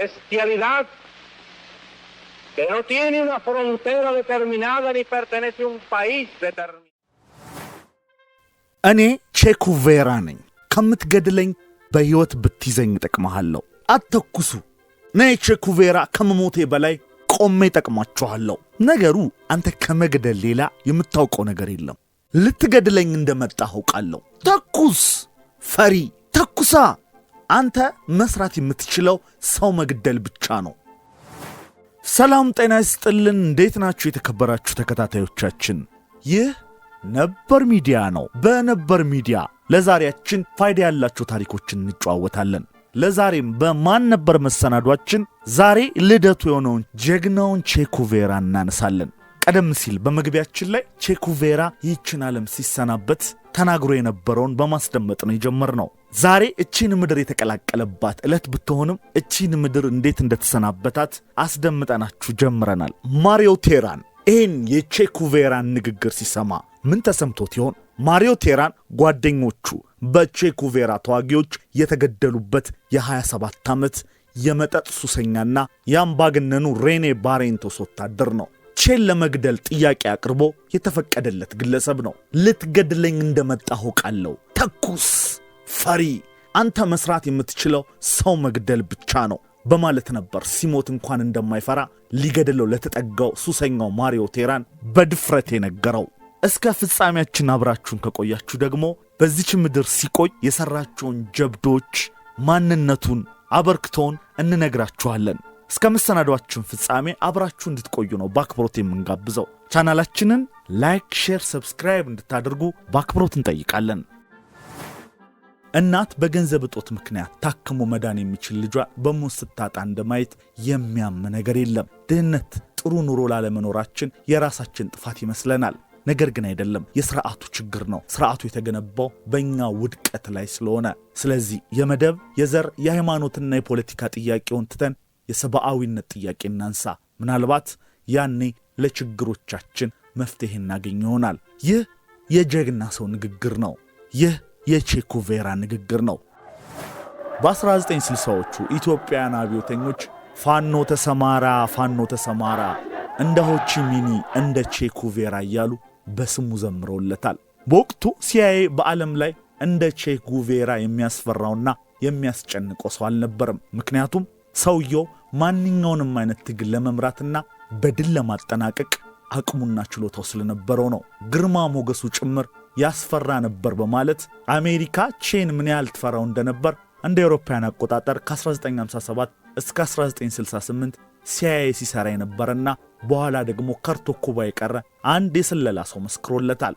bestialidad que no tiene una frontera determinada ni pertenece a un país determinado. እኔ ቼኩቬራ ነኝ። ከምትገድለኝ በሕይወት ብትይዘኝ እጠቅመሃለሁ። አትተኩሱ። እኔ ቼኩቬራ ከመሞቴ በላይ ቆሜ እጠቅማችኋለሁ። ነገሩ አንተ ከመግደል ሌላ የምታውቀው ነገር የለም። ልትገድለኝ እንደመጣ አውቃለሁ። ተኩስ ፈሪ፣ ተኩሳ አንተ መስራት የምትችለው ሰው መግደል ብቻ ነው። ሰላም ጤና ይስጥልን። እንዴት ናችሁ የተከበራችሁ ተከታታዮቻችን? ይህ ነበር ሚዲያ ነው። በነበር ሚዲያ ለዛሬያችን ፋይዳ ያላቸው ታሪኮችን እንጨዋወታለን። ለዛሬም በማን ነበር መሰናዷችን ዛሬ ልደቱ የሆነውን ጀግናውን ቼኩቬራ እናነሳለን። ቀደም ሲል በመግቢያችን ላይ ቼኩቬራ ይህችን ዓለም ሲሰናበት ተናግሮ የነበረውን በማስደመጥ ነው የጀመርነው። ዛሬ እቺን ምድር የተቀላቀለባት ዕለት ብትሆንም እቺን ምድር እንዴት እንደተሰናበታት አስደምጠናችሁ ጀምረናል። ማሪዮ ቴራን ይህን የቼኩቬራን ንግግር ሲሰማ ምን ተሰምቶት ይሆን? ማሪዮ ቴራን ጓደኞቹ በቼኩቬራ ተዋጊዎች የተገደሉበት የ27 ዓመት የመጠጥ ሱሰኛና የአምባገነኑ ሬኔ ባሬንቶስ ወታደር ነው። ቼን ለመግደል ጥያቄ አቅርቦ የተፈቀደለት ግለሰብ ነው። ልትገድለኝ እንደመጣ አውቃለሁ፣ ተኩስ ፈሪ፣ አንተ መስራት የምትችለው ሰው መግደል ብቻ ነው በማለት ነበር ሲሞት እንኳን እንደማይፈራ ሊገድለው ለተጠጋው ሱሰኛው ማሪዮ ቴራን በድፍረት የነገረው። እስከ ፍጻሜያችን አብራችሁን ከቆያችሁ ደግሞ በዚች ምድር ሲቆይ የሠራቸውን ጀብዶች፣ ማንነቱን፣ አበርክቶውን እንነግራችኋለን። እስከ መሰናዷችን ፍጻሜ አብራችሁ እንድትቆዩ ነው በአክብሮት የምንጋብዘው። ቻናላችንን ላይክ፣ ሼር፣ ሰብስክራይብ እንድታደርጉ በአክብሮት እንጠይቃለን። እናት በገንዘብ እጦት ምክንያት ታክሞ መዳን የሚችል ልጇ በሞት ስታጣ እንደማየት የሚያም ነገር የለም። ድህነት፣ ጥሩ ኑሮ ላለመኖራችን የራሳችን ጥፋት ይመስለናል። ነገር ግን አይደለም፣ የስርዓቱ ችግር ነው። ስርዓቱ የተገነባው በእኛ ውድቀት ላይ ስለሆነ። ስለዚህ የመደብ የዘር የሃይማኖትና የፖለቲካ ጥያቄውን ትተን የሰብአዊነት ጥያቄ እናንሳ። ምናልባት ያኔ ለችግሮቻችን መፍትሄ እናገኝ ይሆናል። ይህ የጀግና ሰው ንግግር ነው። ይህ የቼኩቬራ ንግግር ነው። በ1960ዎቹ ኢትዮጵያውያን አብዮተኞች ፋኖ ተሰማራ፣ ፋኖ ተሰማራ እንደ ሆቺሚኒ እንደ ቼኩቬራ እያሉ በስሙ ዘምረውለታል። በወቅቱ ሲያይ በዓለም ላይ እንደ ቼኩቬራ የሚያስፈራውና የሚያስጨንቀው ሰው አልነበርም። ምክንያቱም ሰውየው ማንኛውንም አይነት ትግል ለመምራትና በድል ለማጠናቀቅ አቅሙና ችሎታው ስለነበረው ነው። ግርማ ሞገሱ ጭምር ያስፈራ ነበር በማለት አሜሪካ ቼን ምን ያህል ትፈራው እንደነበር እንደ አውሮፓውያን አቆጣጠር ከ1957 እስከ 1968 ሲአይኤ ሲሰራ የነበረና በኋላ ደግሞ ከርቶ ኩባ የቀረ አንድ የስለላ ሰው መስክሮለታል።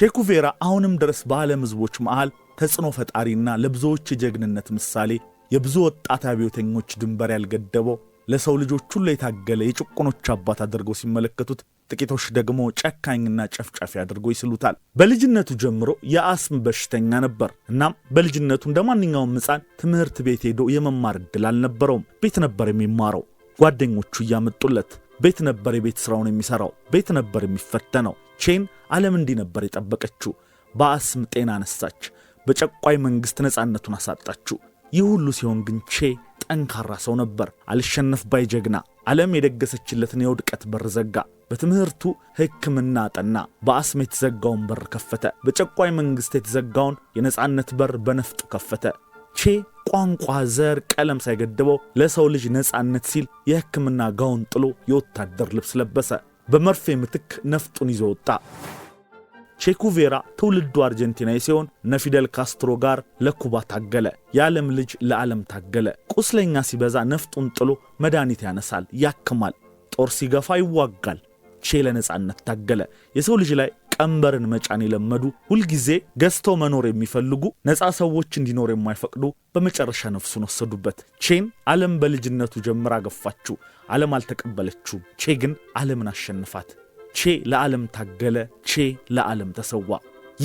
ቼኩቬራ አሁንም ድረስ በዓለም ሕዝቦች መሃል ተጽዕኖ ፈጣሪና ለብዙዎች የጀግንነት ምሳሌ የብዙ ወጣት አብዮተኞች ድንበር ያልገደበው ለሰው ልጆች ሁሉ የታገለ የጭቁኖች አባት አድርገው ሲመለከቱት ጥቂቶች ደግሞ ጨካኝና ጨፍጫፊ አድርጎ ይስሉታል። በልጅነቱ ጀምሮ የአስም በሽተኛ ነበር። እናም በልጅነቱ እንደ ማንኛውም ሕፃን ትምህርት ቤት ሄዶ የመማር እድል አልነበረውም። ቤት ነበር የሚማረው፣ ጓደኞቹ እያመጡለት። ቤት ነበር የቤት ሥራውን የሚሠራው፣ ቤት ነበር የሚፈተነው። ቼን ዓለም እንዲህ ነበር የጠበቀችው። በአስም ጤና አነሳች፣ በጨቋይ መንግሥት ነፃነቱን አሳጣችው። ይህ ሁሉ ሲሆን ግን ቼ ጠንካራ ሰው ነበር፣ አልሸነፍ ባይ ጀግና። ዓለም የደገሰችለትን የውድቀት በር ዘጋ። በትምህርቱ ሕክምና ጠና። በአስም የተዘጋውን በር ከፈተ። በጨቋይ መንግሥት የተዘጋውን የነፃነት በር በነፍጡ ከፈተ። ቼ ቋንቋ፣ ዘር፣ ቀለም ሳይገድበው ለሰው ልጅ ነፃነት ሲል የሕክምና ጋውን ጥሎ የወታደር ልብስ ለበሰ። በመርፌ ምትክ ነፍጡን ይዞ ወጣ። ቼኩቬራ ትውልዱ አርጀንቲናዊ ሲሆን ነፊደል ካስትሮ ጋር ለኩባ ታገለ። የዓለም ልጅ ለዓለም ታገለ። ቁስለኛ ሲበዛ ነፍጡን ጥሎ መድኃኒት ያነሳል፣ ያክማል። ጦር ሲገፋ ይዋጋል። ቼ ለነፃነት ታገለ። የሰው ልጅ ላይ ቀንበርን መጫን የለመዱ ሁልጊዜ ገዝተው መኖር የሚፈልጉ ነፃ ሰዎች እንዲኖር የማይፈቅዱ በመጨረሻ ነፍሱን ወሰዱበት። ቼን ዓለም በልጅነቱ ጀምራ ገፋችው፣ ዓለም አልተቀበለችውም። ቼ ግን ዓለምን አሸንፋት። ቼ ለዓለም ታገለ። ቼ ለዓለም ተሰዋ።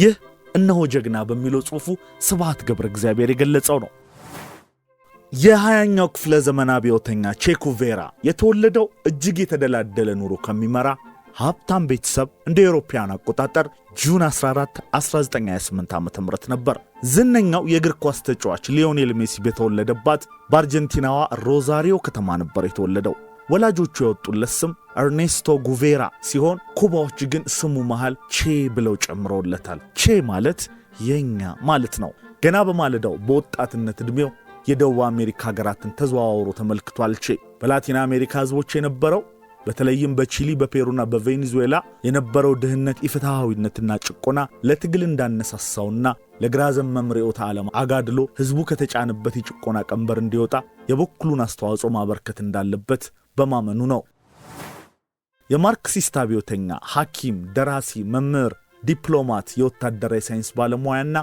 ይህ እነሆ ጀግና በሚለው ጽሑፉ ስብሐት ገብረ እግዚአብሔር የገለጸው ነው። የሃያኛው ክፍለ ዘመን አብዮተኛ ቼኩቬራ የተወለደው እጅግ የተደላደለ ኑሮ ከሚመራ ሀብታም ቤተሰብ እንደ ኤሮፓያን አቆጣጠር ጁን 14 1928 ዓ ም ነበር። ዝነኛው የእግር ኳስ ተጫዋች ሊዮኔል ሜሲ በተወለደባት በአርጀንቲናዋ ሮዛሪዮ ከተማ ነበር የተወለደው። ወላጆቹ የወጡለት ስም ኤርኔስቶ ጉቬራ ሲሆን ኩባዎች ግን ስሙ መሃል ቼ ብለው ጨምረውለታል። ቼ ማለት የኛ ማለት ነው። ገና በማለዳው በወጣትነት ዕድሜው የደቡብ አሜሪካ ሀገራትን ተዘዋውሮ ተመልክቷል። ቼ በላቲን አሜሪካ ህዝቦች የነበረው በተለይም በቺሊ በፔሩና በቬኔዙዌላ የነበረው ድህነት፣ ኢፍትሐዊነትና ጭቆና ለትግል እንዳነሳሳውና ለግራ ዘመም ርዕዮተ ዓለም አጋድሎ ህዝቡ ከተጫነበት የጭቆና ቀንበር እንዲወጣ የበኩሉን አስተዋጽኦ ማበርከት እንዳለበት በማመኑ ነው። የማርክሲስት አብዮተኛ ሐኪም፣ ደራሲ፣ መምህር፣ ዲፕሎማት፣ የወታደራዊ ሳይንስ ባለሙያና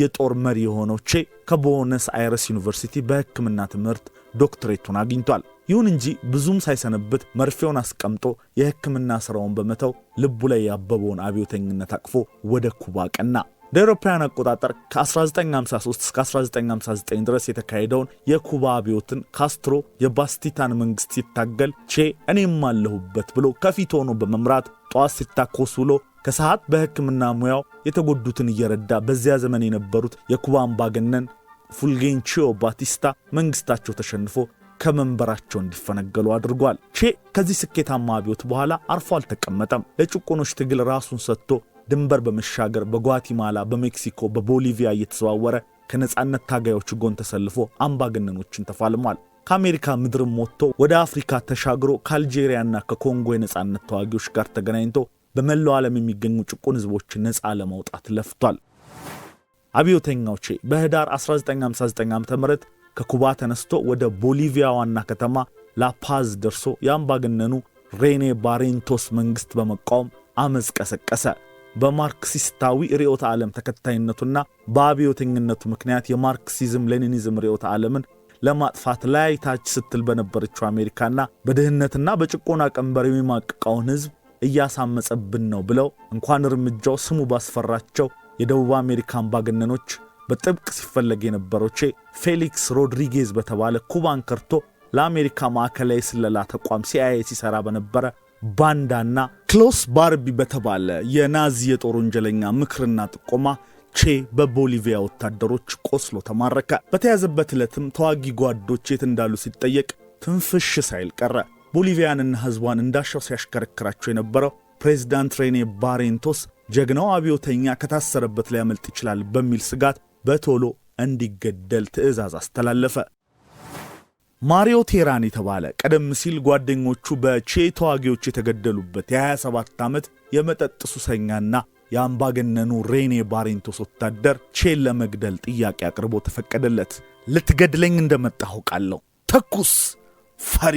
የጦር መሪ የሆነው ቼ ከቦነስ አይረስ ዩኒቨርሲቲ በሕክምና ትምህርት ዶክትሬቱን አግኝቷል። ይሁን እንጂ ብዙም ሳይሰነብት መርፌውን አስቀምጦ የሕክምና ሥራውን በመተው ልቡ ላይ ያበበውን አብዮተኝነት አቅፎ ወደ ኩባ ቀና። እንደ አውሮፓውያን አቆጣጠር ከ1953 እስከ 1959 ድረስ የተካሄደውን የኩባ አብዮትን ካስትሮ የባስቲታን መንግሥት ሲታገል ቼ እኔም አለሁበት ብሎ ከፊት ሆኖ በመምራት ጠዋት ሲታኮስ ውሎ ከሰዓት በሕክምና ሙያው የተጎዱትን እየረዳ በዚያ ዘመን የነበሩት የኩባ አምባገነን ፉልጌንቺዮ ባቲስታ መንግሥታቸው ተሸንፎ ከመንበራቸው እንዲፈነገሉ አድርጓል። ቼ ከዚህ ስኬታማ አብዮት በኋላ አርፎ አልተቀመጠም። ለጭቆኖች ትግል ራሱን ሰጥቶ ድንበር በመሻገር በጓቲማላ፣ በሜክሲኮ፣ በቦሊቪያ እየተዘዋወረ ከነፃነት ታጋዮች ጎን ተሰልፎ አምባገነኖችን ተፋልሟል። ከአሜሪካ ምድርም ወጥቶ ወደ አፍሪካ ተሻግሮ ከአልጄሪያና ከኮንጎ የነፃነት ተዋጊዎች ጋር ተገናኝቶ በመላው ዓለም የሚገኙ ጭቁን ህዝቦችን ነፃ ለማውጣት ለፍቷል። አብዮተኛዎቼ በህዳር 1959 ዓ ም ከኩባ ተነስቶ ወደ ቦሊቪያ ዋና ከተማ ላፓዝ ደርሶ የአምባገነኑ ሬኔ ባሬንቶስ መንግሥት በመቃወም አመፅ ቀሰቀሰ። በማርክሲስታዊ ርዕዮተ ዓለም ተከታይነቱና በአብዮተኝነቱ ምክንያት የማርክሲዝም ሌኒኒዝም ርዕዮተ ዓለምን ለማጥፋት ላይ ታች ስትል በነበረችው አሜሪካና በድህነትና በጭቆና ቀንበር የሚማቅቀውን ህዝብ እያሳመፀብን ነው ብለው እንኳን እርምጃው ስሙ ባስፈራቸው የደቡብ አሜሪካ አምባገነኖች በጥብቅ ሲፈለግ የነበረው ቼ ፌሊክስ ሮድሪጌዝ በተባለ ኩባን ከርቶ ለአሜሪካ ማዕከላዊ ስለላ ተቋም ሲአይኤ ሲሰራ በነበረ ባንዳና ክሎስ ባርቢ በተባለ የናዚ የጦር ወንጀለኛ ምክርና ጥቆማ ቼ በቦሊቪያ ወታደሮች ቆስሎ ተማረከ። በተያዘበት ዕለትም ተዋጊ ጓዶች የት እንዳሉ ሲጠየቅ ትንፍሽ ሳይል ቀረ። ቦሊቪያንና ህዝቧን እንዳሻው ሲያሽከረክራቸው የነበረው ፕሬዚዳንት ሬኔ ባሬንቶስ ጀግናው አብዮተኛ ከታሰረበት ሊያመልጥ ይችላል በሚል ስጋት በቶሎ እንዲገደል ትዕዛዝ አስተላለፈ። ማሪዮ ቴራን የተባለ ቀደም ሲል ጓደኞቹ በቼ ተዋጊዎች የተገደሉበት የ27 ዓመት የመጠጥ ሱሰኛና የአምባገነኑ ሬኔ ባሬንቶስ ወታደር ቼን ለመግደል ጥያቄ አቅርቦ ተፈቀደለት። ልትገድለኝ እንደመጣ አውቃለሁ፣ ተኩስ ፈሪ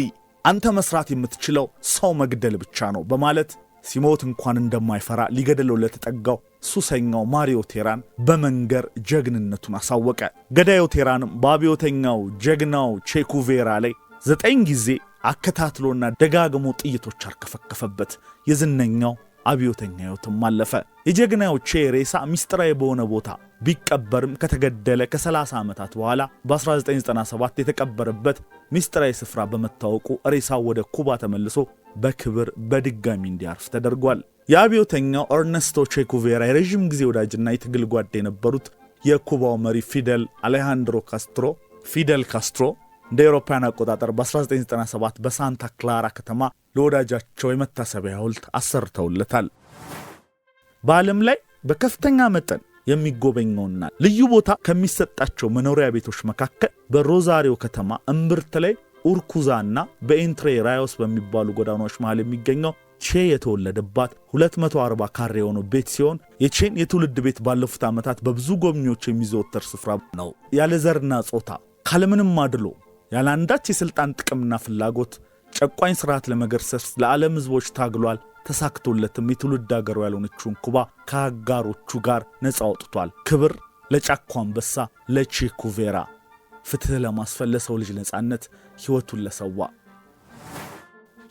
አንተ መስራት የምትችለው ሰው መግደል ብቻ ነው በማለት ሲሞት እንኳን እንደማይፈራ ሊገደለው ለተጠጋው ሱሰኛው ማሪዮ ቴራን በመንገር ጀግንነቱን አሳወቀ። ገዳዮ ቴራንም በአብዮተኛው ጀግናው ቼኩቬራ ላይ ዘጠኝ ጊዜ አከታትሎና ደጋግሞ ጥይቶች አርከፈከፈበት። የዝነኛው አብዮተኛ ሕይወትም አለፈ። የጀግናው ቼ ሬሳ ሚስጥራዊ በሆነ ቦታ ቢቀበርም ከተገደለ ከ30 ዓመታት በኋላ በ1997 የተቀበረበት ሚስጥራዊ ስፍራ በመታወቁ ሬሳው ወደ ኩባ ተመልሶ በክብር በድጋሚ እንዲያርፍ ተደርጓል። የአብዮተኛው ኤርኔስቶ ቼኩቬራ የረዥም ጊዜ ወዳጅና የትግል ጓድ የነበሩት የኩባው መሪ ፊደል አሌሃንድሮ ካስትሮ ፊደል ካስትሮ እንደ አውሮፓውያን አቆጣጠር በ1997 በሳንታ ክላራ ከተማ ለወዳጃቸው የመታሰቢያ ሐውልት አሰርተውለታል። በዓለም ላይ በከፍተኛ መጠን የሚጎበኘውና ልዩ ቦታ ከሚሰጣቸው መኖሪያ ቤቶች መካከል በሮዛሪዮ ከተማ እምብርት ላይ ኡርኩዛና በኤንትሬ ራዮስ በሚባሉ ጎዳናዎች መሃል የሚገኘው ቼ የተወለደባት 240 ካሬ የሆነው ቤት ሲሆን የቼን የትውልድ ቤት ባለፉት ዓመታት በብዙ ጎብኚዎች የሚዘወተር ስፍራ ነው። ያለ ዘርና ጾታ፣ ካለምንም አድሎ፣ ያለ አንዳች የሥልጣን ጥቅምና ፍላጎት ጨቋኝ ስርዓት ለመገርሰስ ለዓለም ሕዝቦች ታግሏል። ተሳክቶለትም የትውልድ አገሩ ያልሆነችውን ኩባ ከአጋሮቹ ጋር ነፃ አውጥቷል። ክብር ለጫካ አንበሳ ለቼኩቬራ። ፍትህ ለማስፈን ለሰው ልጅ ነፃነት ሕይወቱን ለሰዋ።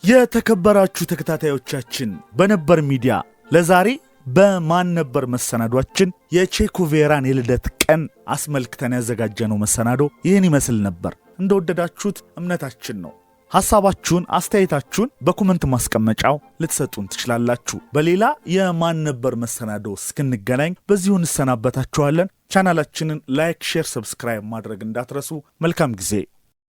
የተከበራችሁ ተከታታዮቻችን በነበር ሚዲያ ለዛሬ በማን ነበር መሰናዷችን የቼኩቬራን የልደት ቀን አስመልክተን ያዘጋጀነው መሰናዶ ይህን ይመስል ነበር። እንደወደዳችሁት እምነታችን ነው። ሐሳባችሁን አስተያየታችሁን በኮመንት ማስቀመጫው ልትሰጡን ትችላላችሁ። በሌላ የማን ነበር መሰናዶ እስክንገናኝ በዚሁ እንሰናበታችኋለን። ቻናላችንን ላይክ፣ ሼር፣ ሰብስክራይብ ማድረግ እንዳትረሱ። መልካም ጊዜ